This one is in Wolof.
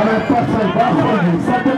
Ama Parsay Baaxol bi